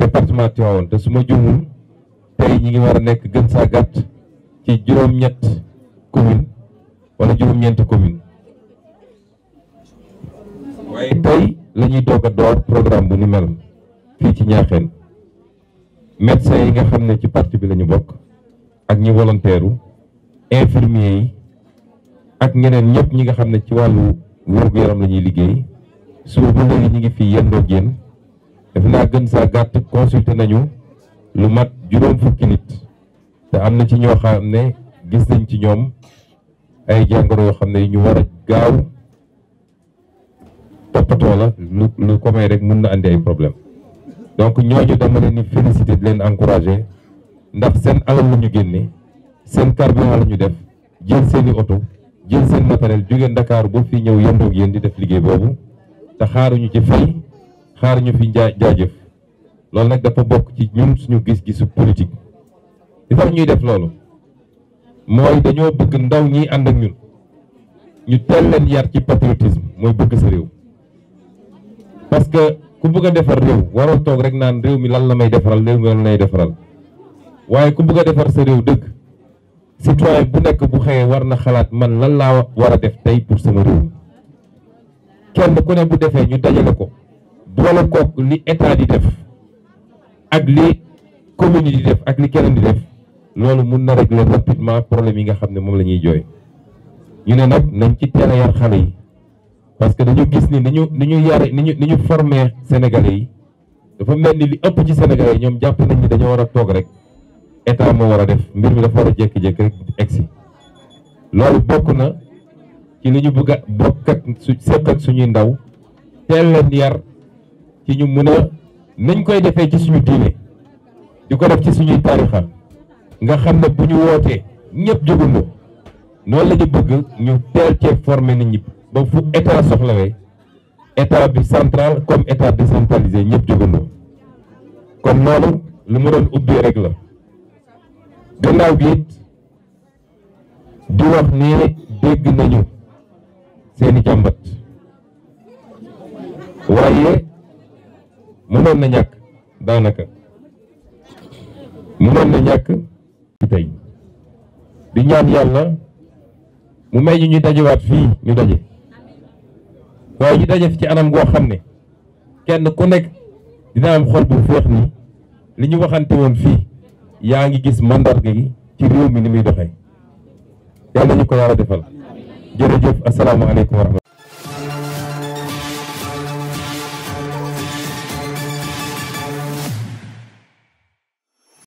département Tivaouane te su ma juumul tey ñi ngi war a nekk gën saa gàtt ci juróom-ñett commune wala juróom commune waaye tey la ñuy door programme bu ni mel fii ci ñaaxeen médecins yi nga xam ne ci parti bi la ñu bokk ak ñi volontaire u yi ak ñeneen ñëpp ñi nga xam ne ci wàllu wér-gu-yaram la ñuy liggéey suba ba léegi ñu ngi fii yendoo génn def naa gën saa gàtt consulté nañu lu mat juróom fukki nit te am na ci ñoo xam ne gis nañ ci ñoom ay jàngoro yoo xam ne yi ñu war a gaaw toppatoo la lu lu ko rek mën na andi ay problème donc ñooñu dama leen félicité leen encouragé ndax seen alal la ñu génne seen carburant la ñu def jël seeni oto jël seen matériel jóge Ndakaaru ba fii ñëw yendoog yéen di def liggéey boobu te xaaruñu ci fay xaar ñu fi jaa jaajëf loolu nag dafa bokk ci ñun suñu gis-gisu politique li tax ñuy def loolu mooy dañoo bëgg ndaw ñi ànd ak ñun ñu teel leen yar ci patriotisme mooy bëgg sa réew parce que ku bëgg defar réew waroo toog rek naan réew mi lan la may defaral réew mi lan lay defaral waaye ku bëgg a defar sa réew dëgg citoyen bu nekk bu xewee war na xalaat man lan laa war a def tey pour sama réew kenn ku ne bu defee ñu dajale ko boole kook li yi di def ak li keneen def loolu mun na régler problème yi nga xam ne moom la ñuy jooy ñu ne nag nañ ci teel yi parce que dañu gis ni ni ni ñu yare ni ñu ni ñu formé yi dafa mel ni li ëpp ci sénégalais ñoom jàpp nañ ni dañoo war a toog rek état moo war a def mbir mi dafa jékki-jékki rek egsi loolu bokk na ci li ñu bëgg a bokk suñuy ndaw teel yar ci ñu mën a nañ koy defee ci suñu diine di ko def ci suñuy tarixa nga xam ne bu ñu wootee ñëpp jógandoo noonu la ñu bëgg ñu teel cee former nit ñi ba fu état soxlawee état bi central comme état décentralisé ñëpp jógandoo kon loolu lu ma doon ubbee rek la gannaaw gi it di wax ne dégg nañu seeni jàmbat waaye mënoon na ñàkk daanaka mënoon na ñàkk tey di ñaan yàlla mu may ñu ñu dajewaat fii ñu daje waaye ñu daje fi ci anam goo xam ne kenn ku nekk dina am xol bu féex ni li ñu waxante woon fii yaa ngi gis mandarga yi ci réew mi ni muy doxee yàlla ñu ko yàlla defal jërëjëf asalaamaaleykum wa rahmatulah